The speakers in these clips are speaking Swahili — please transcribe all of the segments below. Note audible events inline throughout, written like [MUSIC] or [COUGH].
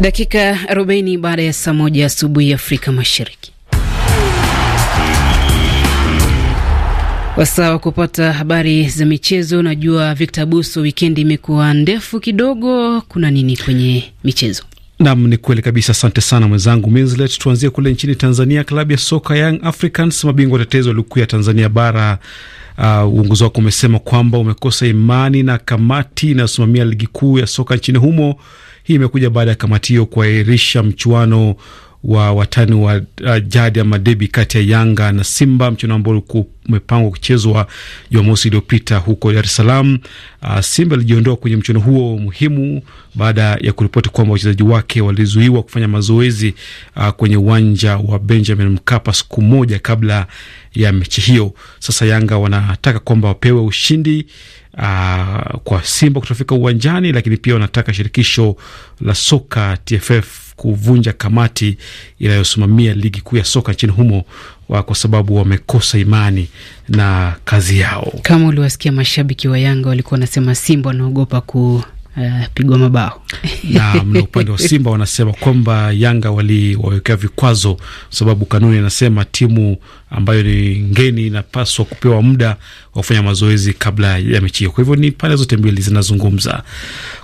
Dakika 40 baada ya saa moja asubuhi Afrika Mashariki. Wasaa wa kupata habari za michezo. Najua Victor Buso, wikendi imekuwa ndefu kidogo, kuna nini kwenye michezo? Nam, ni kweli kabisa. Asante sana mwenzangu Minslet. Tuanzie kule nchini Tanzania, klabu ya soka Young Africans, mabingwa watetezi wa ligi ya Tanzania bara uh, uongozi uh, wako umesema kwamba umekosa imani na kamati inayosimamia ligi kuu ya soka nchini humo hii imekuja baada ya kamati hiyo kuahirisha mchuano wa watani wa uh, jadi ama debi kati ya Yanga na Simba, mchuano ambao ulikuwa umepangwa kuchezwa Jumamosi iliyopita huko Dar es Salaam. Uh, Simba ilijiondoa kwenye mchuano huo muhimu baada ya kuripoti kwamba wachezaji wake walizuiwa kufanya mazoezi uh, kwenye uwanja wa Benjamin Mkapa siku moja kabla ya mechi hiyo. Sasa Yanga wanataka kwamba wapewe ushindi uh, kwa Simba kutofika uwanjani, lakini pia wanataka shirikisho la soka TFF kuvunja kamati inayosimamia ligi kuu ya soka nchini humo kwa sababu wamekosa imani na kazi yao. Kama uliwasikia mashabiki wa Yanga walikuwa wanasema Simba wanaogopa ku Uh, pigwa mabao [LAUGHS] Na upande wa Simba wanasema kwamba Yanga waliwawekea vikwazo, sababu kanuni inasema timu ambayo ni ngeni inapaswa kupewa muda wa kufanya mazoezi kabla ya mechi hiyo. Kwa hivyo ni pande zote mbili zinazungumza.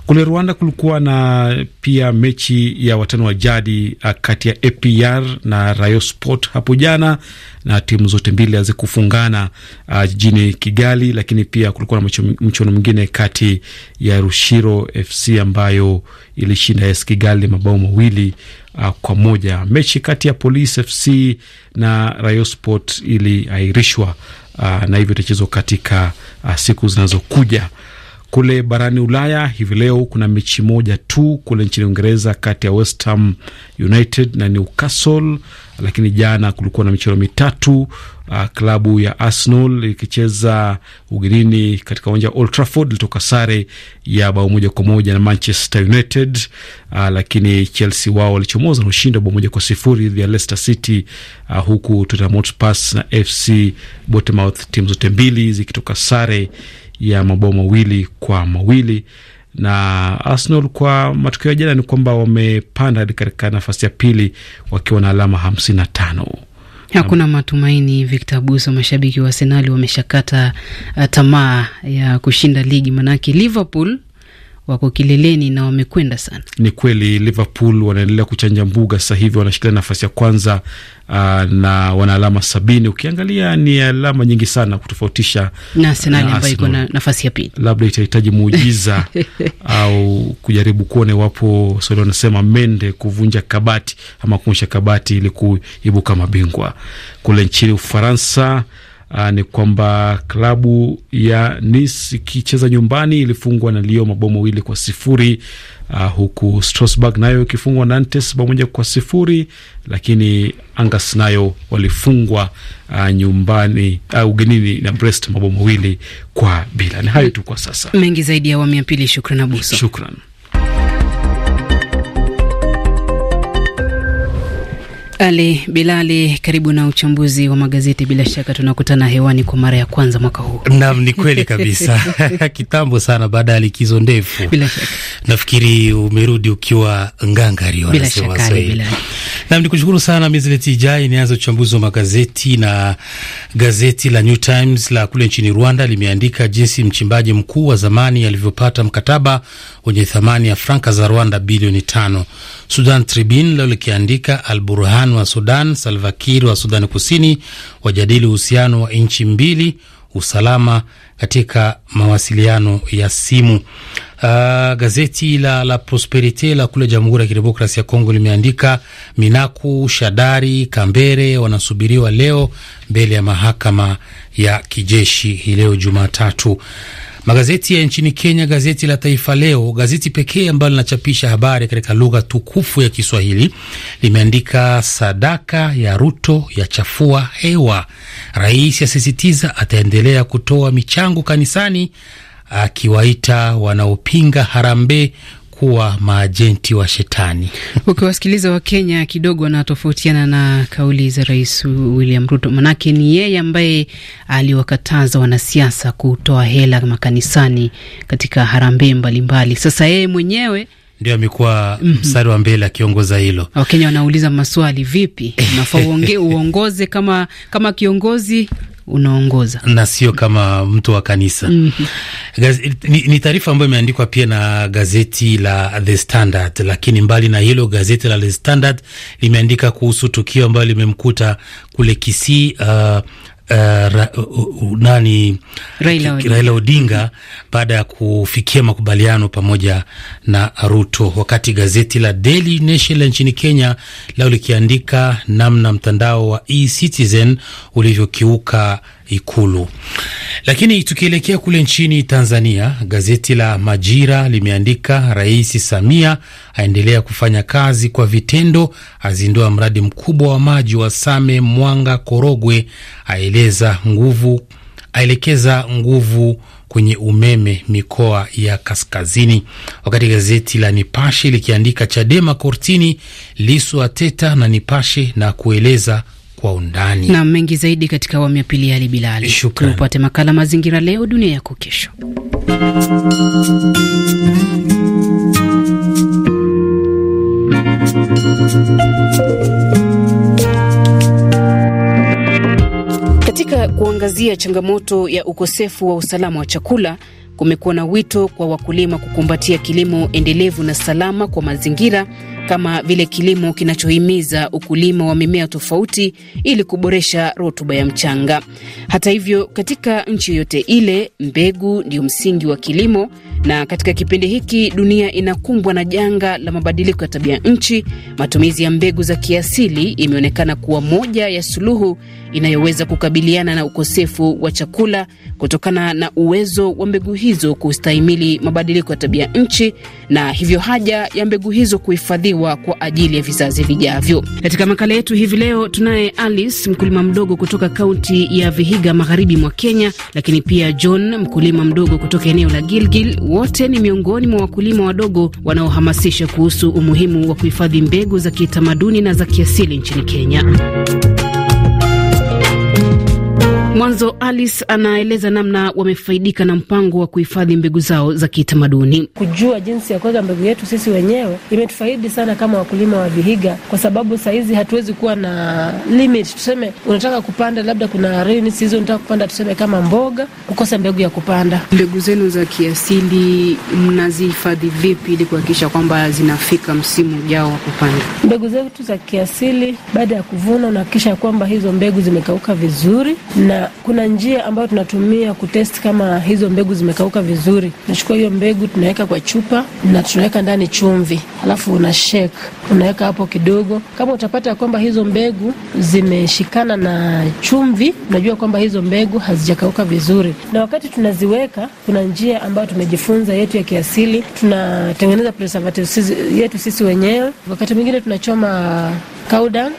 Kule Rwanda kulikuwa na pia mechi ya watani wa jadi uh, kati ya APR na Rayo Sport hapo jana, na timu zote mbili hazikufungana uh, jijini Kigali, lakini pia kulikuwa na mchuano mwingine kati ya Rushiro FC ambayo ilishinda AS Kigali mabao mawili uh, kwa moja. Mechi kati ya Police FC na Rayo Sport iliahirishwa uh, na hivyo itachezwa katika uh, siku zinazokuja kule barani Ulaya hivi leo kuna mechi moja tu kule nchini Uingereza kati ya West Ham United na Newcastle, lakini jana kulikuwa na michezo mitatu. Uh, klabu ya Arsenal ikicheza ugenini katika uwanja wa Old Trafford ilitoka sare ya bao moja kwa moja na Manchester United. Uh, lakini Chelsea wao walichomoza na ushindi wa bao moja kwa sifuri dhidi ya Leicester City. Uh, huku Tottenham Hotspur na FC Bournemouth, timu zote mbili zikitoka sare ya mabao mawili kwa mawili na Arsenal kwa matokeo ya jana ni kwamba wamepanda hadi katika nafasi ya pili wakiwa na alama hamsini na tano. Hakuna matumaini, Victor Buso. Mashabiki wa Arsenali wameshakata eh, tamaa ya kushinda ligi, manake Liverpool wako kileleni na wamekwenda sana. Ni kweli, Liverpool wanaendelea kuchanja mbuga sasa hivi, wanashikilia nafasi ya kwanza uh, na wana alama sabini. Ukiangalia ni alama nyingi sana kutofautisha na Arsenal ambayo iko na nafasi ya pili. Labda itahitaji muujiza [LAUGHS] au kujaribu kuona iwapo swali wanasema mende kuvunja kabati ama kuonyesha kabati ili kuibuka mabingwa. Kule nchini Ufaransa uh, ni kwamba klabu ya Nice ikicheza nyumbani ilifungwa na Lyon mabao mawili kwa sifuri uh, huku Strasbourg nayo ikifungwa na Nantes bao moja kwa sifuri lakini Angers nayo walifungwa uh, nyumbani uh, ugenini na Brest mabao mawili kwa bila. Ni hayo tu kwa sasa, mengi zaidi ya awamu ya pili. Shukran Abuso, shukran. Ali Bilali, karibu na uchambuzi wa magazeti. Bila shaka tunakutana hewani kwa mara ya kwanza mwaka huu. Naam, ni kweli [LAUGHS] kabisa [LAUGHS] kitambo sana, baada ya likizo ndefu. Bila shaka nafikiri umerudi ukiwa ngangari, wanasema Waswahili. Naam, ni kushukuru sana mizileti Ijai. Nianza uchambuzi wa magazeti na gazeti la New Times la kule nchini Rwanda limeandika jinsi mchimbaji mkuu wa zamani alivyopata mkataba wenye thamani ya franka za Rwanda bilioni tano Sudan Tribune leo likiandika Al Burhan wa Sudan, Salvakir wa Sudan Kusini wajadili uhusiano wa nchi mbili, usalama katika mawasiliano ya simu. Uh, gazeti la La Prosperite la kule Jamhuri ya Kidemokrasi ya Kongo limeandika Minaku, Shadari, Kambere wanasubiriwa leo mbele ya mahakama ya kijeshi hii leo Jumatatu. Magazeti ya nchini Kenya, gazeti la Taifa Leo, gazeti pekee ambalo linachapisha habari katika lugha tukufu ya Kiswahili, limeandika sadaka ya Ruto ya chafua hewa. Rais asisitiza ataendelea kutoa michango kanisani, akiwaita wanaopinga harambee kuwa maajenti wa shetani. [LAUGHS] Ukiwasikiliza Wakenya kidogo wanatofautiana na kauli za Rais William Ruto, manake ni yeye ambaye aliwakataza wanasiasa kutoa hela makanisani katika harambee mbalimbali. Sasa yeye mwenyewe ndio amekuwa mm -hmm. mstari wa mbele akiongoza hilo. Wakenya wanauliza maswali, vipi [LAUGHS] unafaa uongoze kama, kama kiongozi unaongoza na sio kama mtu wa kanisa. mm -hmm. ni, ni taarifa ambayo imeandikwa pia na gazeti la The Standard, lakini mbali na hilo gazeti la The Standard limeandika kuhusu tukio ambalo limemkuta kule Kisii uh, uh, uh, nani Raila Odinga, Raila Odinga baada ya kufikia makubaliano pamoja na Ruto, wakati gazeti la Daily Nation la nchini Kenya lao likiandika namna mtandao wa eCitizen ulivyokiuka Ikulu. Lakini tukielekea kule nchini Tanzania, gazeti la Majira limeandika Rais Samia aendelea kufanya kazi kwa vitendo, azindua mradi mkubwa wa maji wa Same Mwanga Korogwe, aeleza nguvu aelekeza nguvu kwenye umeme mikoa ya kaskazini. Wakati gazeti la Nipashe likiandika Chadema kortini, Lisu ateta na Nipashe na kueleza kwa undani na mengi zaidi katika awamu ya pili. Ali Bilali, shukrani. Upate makala Mazingira Leo Dunia Yako Kesho. Katika kuangazia changamoto ya ukosefu wa usalama wa chakula, kumekuwa na wito kwa wakulima kukumbatia kilimo endelevu na salama kwa mazingira kama vile kilimo kinachohimiza ukulima wa mimea tofauti ili kuboresha rutuba ya mchanga. Hata hivyo, katika nchi yoyote ile, mbegu ndio msingi wa kilimo, na katika kipindi hiki dunia inakumbwa na janga la mabadiliko ya tabia nchi, matumizi ya mbegu za kiasili imeonekana kuwa moja ya suluhu inayoweza kukabiliana na ukosefu wa chakula kutokana na uwezo wa mbegu hizo kustahimili mabadiliko ya tabia nchi na hivyo haja ya mbegu hizo kuhifadhiwa kwa ajili ya vizazi vijavyo. Katika makala yetu hivi leo tunaye Alice, mkulima mdogo kutoka kaunti ya Vihiga magharibi mwa Kenya, lakini pia John, mkulima mdogo kutoka eneo la Gilgil. Wote ni miongoni mwa wakulima wadogo wanaohamasisha kuhusu umuhimu wa kuhifadhi mbegu za kitamaduni na za kiasili nchini Kenya. Mwanzo Alice anaeleza namna wamefaidika na mpango wa kuhifadhi mbegu zao za kitamaduni. Kujua jinsi ya kuweka mbegu yetu sisi wenyewe imetufaidi sana kama wakulima wa Vihiga, kwa sababu sahizi hatuwezi kuwa na limit. Tuseme unataka kupanda labda kuna rainy season, unataka kupanda tuseme kama mboga, kukosa mbegu ya kupanda. Mbegu zenu za kiasili mnazihifadhi vipi ili kuhakikisha kwamba zinafika msimu ujao wa kupanda? Mbegu zetu za kiasili baada ya kuvuna unahakikisha kwamba hizo mbegu zimekauka vizuri na kuna, njia ambayo tunatumia kutest kama hizo mbegu zimekauka vizuri. Tunachukua hiyo mbegu tunaweka kwa chupa na tunaweka ndani chumvi, alafu una shake, unaweka hapo kidogo. Kama utapata kwamba hizo mbegu zimeshikana na chumvi, unajua kwamba hizo mbegu hazijakauka vizuri. Na wakati tunaziweka, kuna njia ambayo tumejifunza yetu ya kiasili, tunatengeneza preservatives yetu sisi wenyewe. Wakati mwingine tunachoma kaudan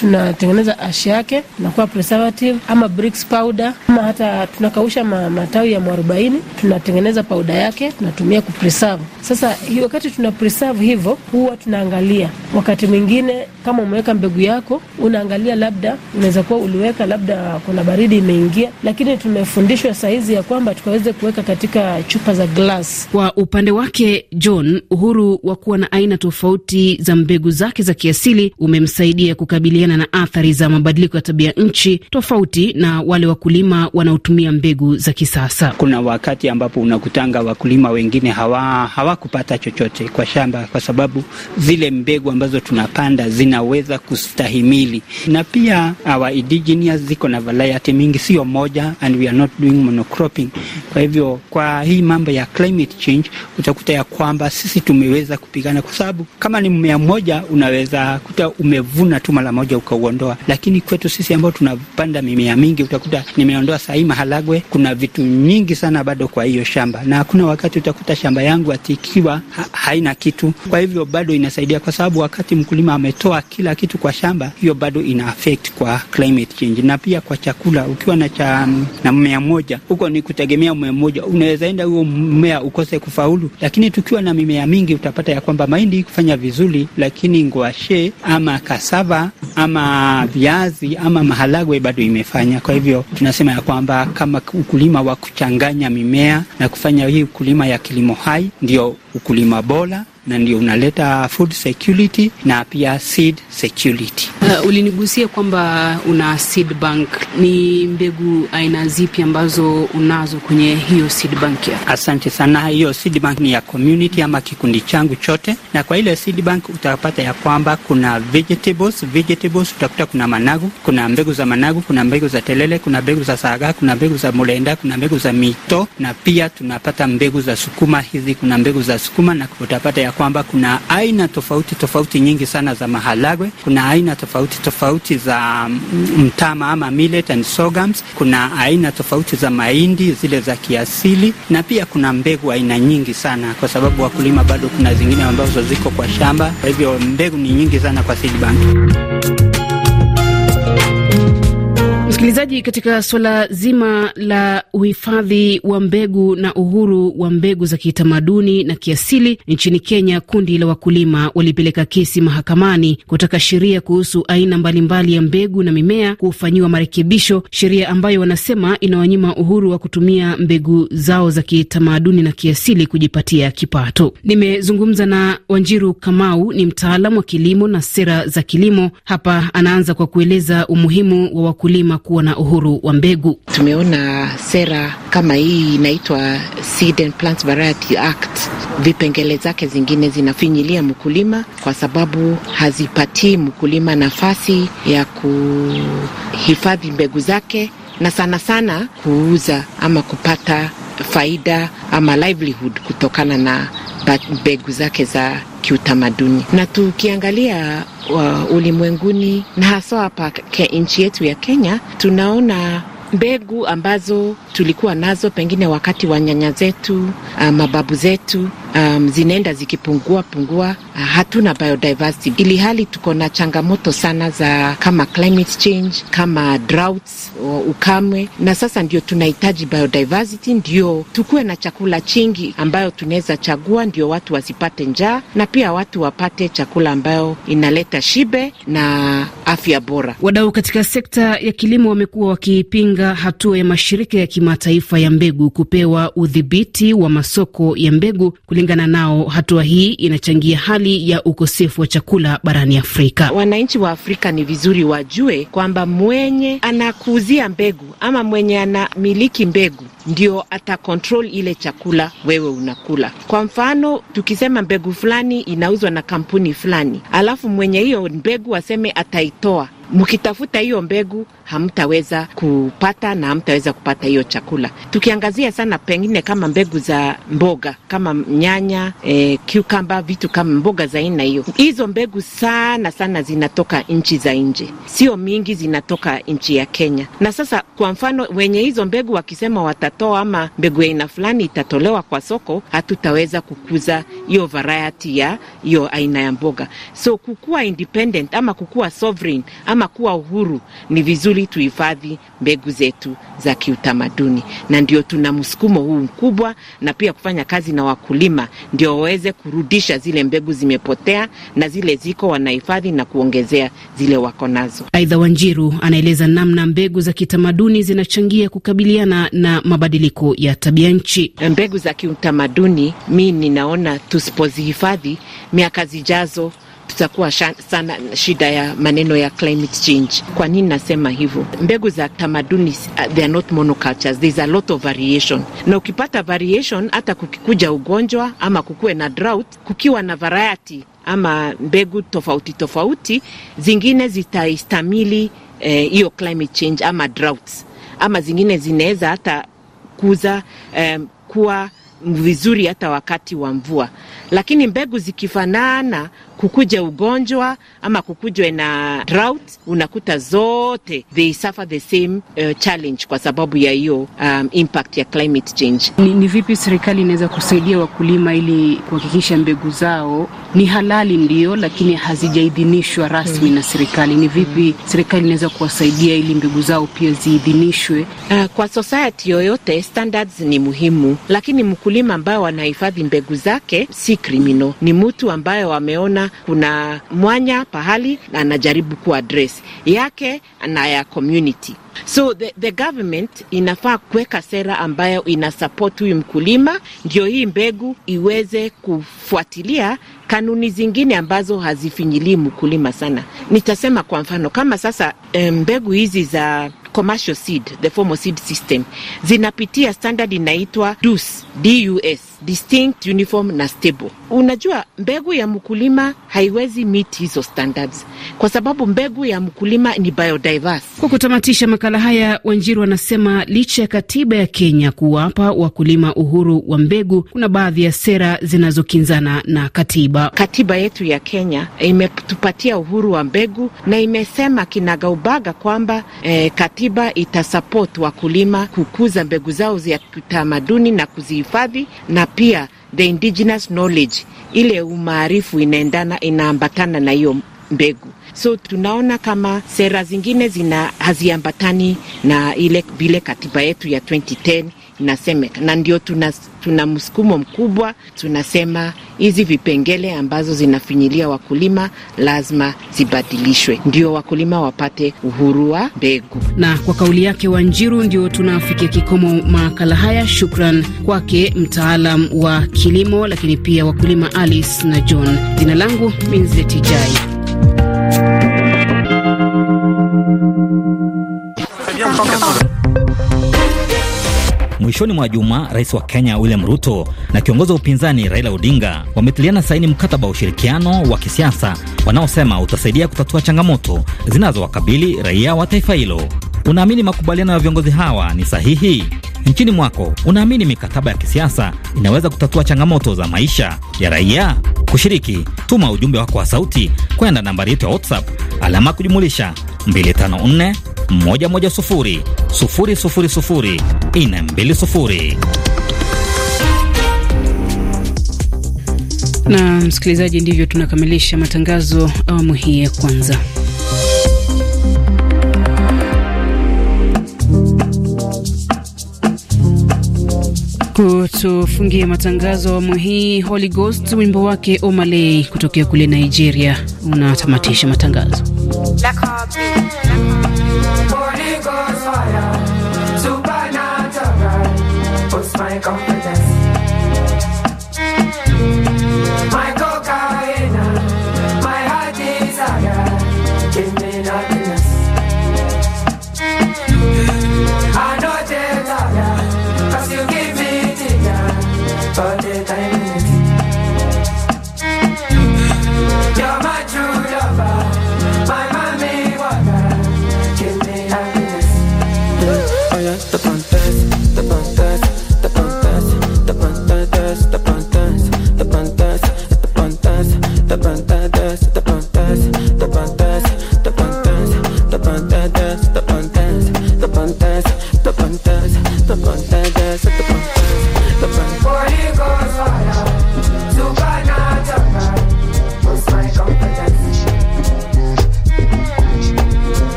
tunatengeneza ash yake tunakuwa preservative ama bricks powder ama hata tunakausha ma, matawi ya mwarobaini tunatengeneza powder yake tunatumia kupreserve. Sasa wakati tuna preserve hivyo, huwa tunaangalia wakati mwingine, kama umeweka mbegu yako, unaangalia labda unaweza kuwa uliweka labda kuna baridi imeingia, lakini tumefundishwa saizi ya kwamba tukaweze kuweka katika chupa za glass. Kwa upande wake John, uhuru wa kuwa na aina tofauti za mbegu zake za kiasili umemsaidia kukabili kukabiliana na athari za mabadiliko ya tabia nchi tofauti na wale wakulima wanaotumia mbegu za kisasa. Kuna wakati ambapo unakutanga wakulima wengine hawa hawakupata chochote kwa shamba, kwa sababu zile mbegu ambazo tunapanda zinaweza kustahimili, na pia our indigenous ziko na variety mingi, sio moja, and we are not doing monocropping. Kwa hivyo kwa hii mambo ya climate change utakuta ya kwamba sisi tumeweza kupigana, kwa sababu kama ni mmea mmoja unaweza kuta umevuna tu mara moja moja ukauondoa, lakini kwetu sisi ambao tunapanda mimea mingi utakuta nimeondoa sahii maharagwe, kuna vitu nyingi sana bado kwa hiyo shamba, na hakuna wakati utakuta shamba yangu atikiwa ha haina kitu. Kwa hivyo bado inasaidia, kwa sababu wakati mkulima ametoa kila kitu kwa shamba, hiyo bado ina affect kwa climate change na pia kwa chakula. Ukiwa na cha na mmea mmoja huko ni kutegemea mmea mmoja, unaweza enda huo mmea ukose kufaulu, lakini tukiwa na mimea mingi utapata ya kwamba mahindi kufanya vizuri, lakini ngwashe ama kasava ama viazi ama maharagwe bado imefanya. Kwa hivyo tunasema ya kwamba kama ukulima wa kuchanganya mimea na kufanya hii ukulima ya kilimo hai ndio ukulima bora na ndio unaleta food security na pia seed security. Uh, ulinigusia kwamba una seed bank. Ni mbegu aina zipi ambazo unazo kwenye hiyo seed bank ya? Asante sana. Hiyo seed bank ni ya community ama kikundi changu chote, na kwa ile seed bank utapata ya kwamba kuna vegetables, vegetables utakuta kuna managu, kuna mbegu za managu, kuna mbegu za telele, kuna mbegu za saga, kuna mbegu za mulenda, kuna mbegu za mito, na pia tunapata mbegu za sukuma hizi, kuna mbegu za sukuma na utapata ya kwamba kuna aina tofauti tofauti nyingi sana za maharagwe, kuna aina tofauti tofauti za mm, mtama ama millet and sorghums. kuna aina tofauti za mahindi zile za kiasili, na pia kuna mbegu aina nyingi sana, kwa sababu wakulima bado kuna zingine ambazo ziko kwa shamba. Kwa hivyo mbegu ni nyingi sana kwa seed bank. Msikilizaji, katika suala zima la uhifadhi wa mbegu na uhuru wa mbegu za kitamaduni na kiasili nchini Kenya, kundi la wakulima walipeleka kesi mahakamani kutaka sheria kuhusu aina mbalimbali ya mbegu na mimea kufanyiwa marekebisho, sheria ambayo wanasema inawanyima uhuru wa kutumia mbegu zao za kitamaduni na kiasili kujipatia kipato. Nimezungumza na Wanjiru Kamau, ni mtaalam wa kilimo na sera za kilimo. Hapa anaanza kwa kueleza umuhimu wa wakulima ku kuwa na uhuru wa mbegu. Tumeona sera kama hii inaitwa Seed and Plant Variety Act, vipengele zake zingine zinafinyilia mkulima kwa sababu hazipatii mkulima nafasi ya kuhifadhi mbegu zake na sana sana kuuza ama kupata faida ama livelihood kutokana na mbegu zake za kiutamaduni. Na tukiangalia uh, ulimwenguni na haswa hapa nchi yetu ya Kenya, tunaona mbegu ambazo tulikuwa nazo pengine wakati wa nyanya zetu, uh, mababu zetu um, zinaenda zikipungua pungua. Uh, hatuna biodiversity, ili hali tuko na changamoto sana za kama climate change, kama droughts, ukamwe, na sasa ndio tunahitaji biodiversity, ndio tukuwe na chakula chingi ambayo tunaweza chagua, ndio watu wasipate njaa na pia watu wapate chakula ambayo inaleta shibe na afya bora. Wadau katika sekta ya kilimo wamekuwa wakipinga hatua ya mashirika ya kimataifa ya mbegu kupewa udhibiti wa masoko ya mbegu kule Kulingana nao, hatua hii inachangia hali ya ukosefu wa chakula barani Afrika. Wananchi wa Afrika ni vizuri wajue kwamba mwenye anakuuzia mbegu ama mwenye anamiliki mbegu ndio ata control ile chakula wewe unakula. Kwa mfano, tukisema mbegu fulani inauzwa na kampuni fulani, alafu mwenye hiyo mbegu aseme ataitoa mkitafuta hiyo mbegu hamtaweza kupata na hamtaweza kupata hiyo chakula. Tukiangazia sana pengine kama mbegu za mboga kama nyanya, e, cucumber, vitu kama mboga za aina hiyo, hizo mbegu sana sana zinatoka nchi za nje, sio mingi zinatoka nchi ya Kenya. Na sasa kwa mfano, wenye hizo mbegu wakisema watatoa ama mbegu ya aina fulani itatolewa kwa soko, hatutaweza kukuza hiyo variety ya hiyo aina ya mboga. So kukua independent ama kukua sovereign ama kuwa uhuru, ni vizuri tuhifadhi mbegu zetu za kiutamaduni, na ndio tuna msukumo huu mkubwa, na pia kufanya kazi na wakulima ndio waweze kurudisha zile mbegu zimepotea, na zile ziko wanahifadhi na kuongezea zile wako nazo. Aidha, Wanjiru anaeleza namna mbegu za kitamaduni zinachangia kukabiliana na mabadiliko ya tabia nchi. Mbegu za kiutamaduni, mi ninaona tusipozihifadhi, miaka zijazo tutakuwa sana shida ya maneno ya climate change. Kwa nini nasema hivyo? Mbegu za tamaduni uh, they are not monocultures, there is a lot of variation, na ukipata variation, hata kukikuja ugonjwa ama kukuwe na drought, kukiwa na variety ama mbegu tofauti tofauti, zingine zitaistamili eh, hiyo eh, climate change ama droughts, ama zingine zinaweza hata kuza eh, kuwa vizuri hata wakati wa mvua, lakini mbegu zikifanana kukuja ugonjwa ama kukujwe na drought, unakuta zote they suffer the same uh, challenge kwa sababu ya hiyo um, impact ya climate change. Ni, ni vipi serikali inaweza kusaidia wakulima ili kuhakikisha mbegu zao ni halali ndio, lakini hazijaidhinishwa rasmi hmm, na serikali? Ni vipi serikali inaweza kuwasaidia ili mbegu zao pia ziidhinishwe? Uh, kwa society yoyote standards ni muhimu, lakini mkulima ambayo wanahifadhi mbegu zake si criminal, ni mtu ambayo wameona kuna mwanya pahali na anajaribu kuadress yake na ya community. So the, the government inafaa kuweka sera ambayo inasupport huyu mkulima, ndio hii mbegu iweze kufuatilia kanuni zingine ambazo hazifinyilii mkulima sana. Nitasema kwa mfano kama sasa mbegu hizi za commercial seed, the formal seed system zinapitia standard inaitwa DUS, DUS distinct, uniform na stable. Unajua, mbegu ya mkulima haiwezi meet hizo standards kwa sababu mbegu ya mkulima ni biodiverse. Kwa kutamatisha makala haya, Wanjiru wanasema licha ya katiba ya Kenya kuwapa wakulima uhuru wa mbegu, kuna baadhi ya sera zinazokinzana na katiba. Katiba yetu ya Kenya imetupatia uhuru wa mbegu na imesema kinagaubaga kwamba eh, katiba itasupport wakulima kukuza mbegu zao za kitamaduni na kuzihifadhi na pia the indigenous knowledge, ile umaarifu inaendana, inaambatana na hiyo mbegu. So tunaona kama sera zingine zina haziambatani na ile vile katiba yetu ya 2010 inasemeka, na ndio tuna, tuna msukumo mkubwa. Tunasema hizi vipengele ambazo zinafinyilia wakulima lazima zibadilishwe, ndio wakulima wapate uhuru wa mbegu. Na kwa kauli yake Wanjiru, ndio tunafikia kikomo makala haya. Shukran kwake mtaalam wa kilimo, lakini pia wakulima Alice na John. Jina langu minzetijai Mwishoni mwa juma, rais wa Kenya William Ruto na kiongozi wa upinzani Raila Odinga wametiliana saini mkataba wa ushirikiano wa kisiasa wanaosema utasaidia kutatua changamoto zinazowakabili raia wa taifa hilo. Unaamini makubaliano ya viongozi hawa ni sahihi? Nchini mwako unaamini mikataba ya kisiasa inaweza kutatua changamoto za maisha ya raia? Kushiriki, tuma ujumbe wako wa sauti kwenda nambari yetu ya WhatsApp alama kujumulisha 254 110 na msikilizaji, ndivyo tunakamilisha matangazo awamu hii ya kwanza. Kutufungia matangazo awamu hii, Holy Ghost wimbo wake Omaley kutokea kule Nigeria unatamatisha matangazo. 哎，刚。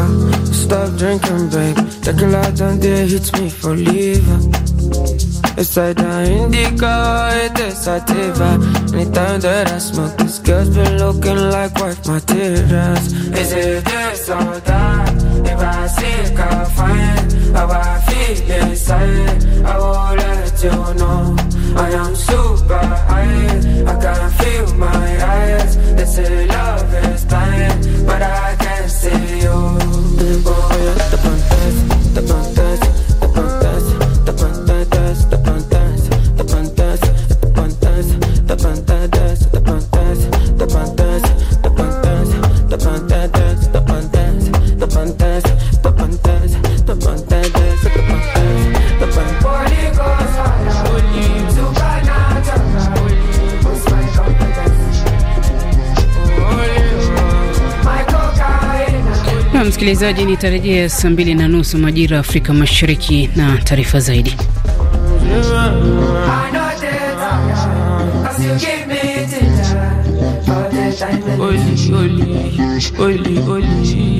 vodka. Stop drinking, babe. Tequila don't dare hit me for leaving. It's like an indica, it is sativa. Anytime that I smoke, this girl's been looking like wife materials. Is it this or that? If I seek, I'll find how I feel inside. I will let you know. I am super high. I can feel my eyes. They say love is blind, but I can't see. Msikilizaji, nitarejea saa mbili na nusu majira ya Afrika Mashariki na taarifa zaidi. Oli, oli, oli, oli.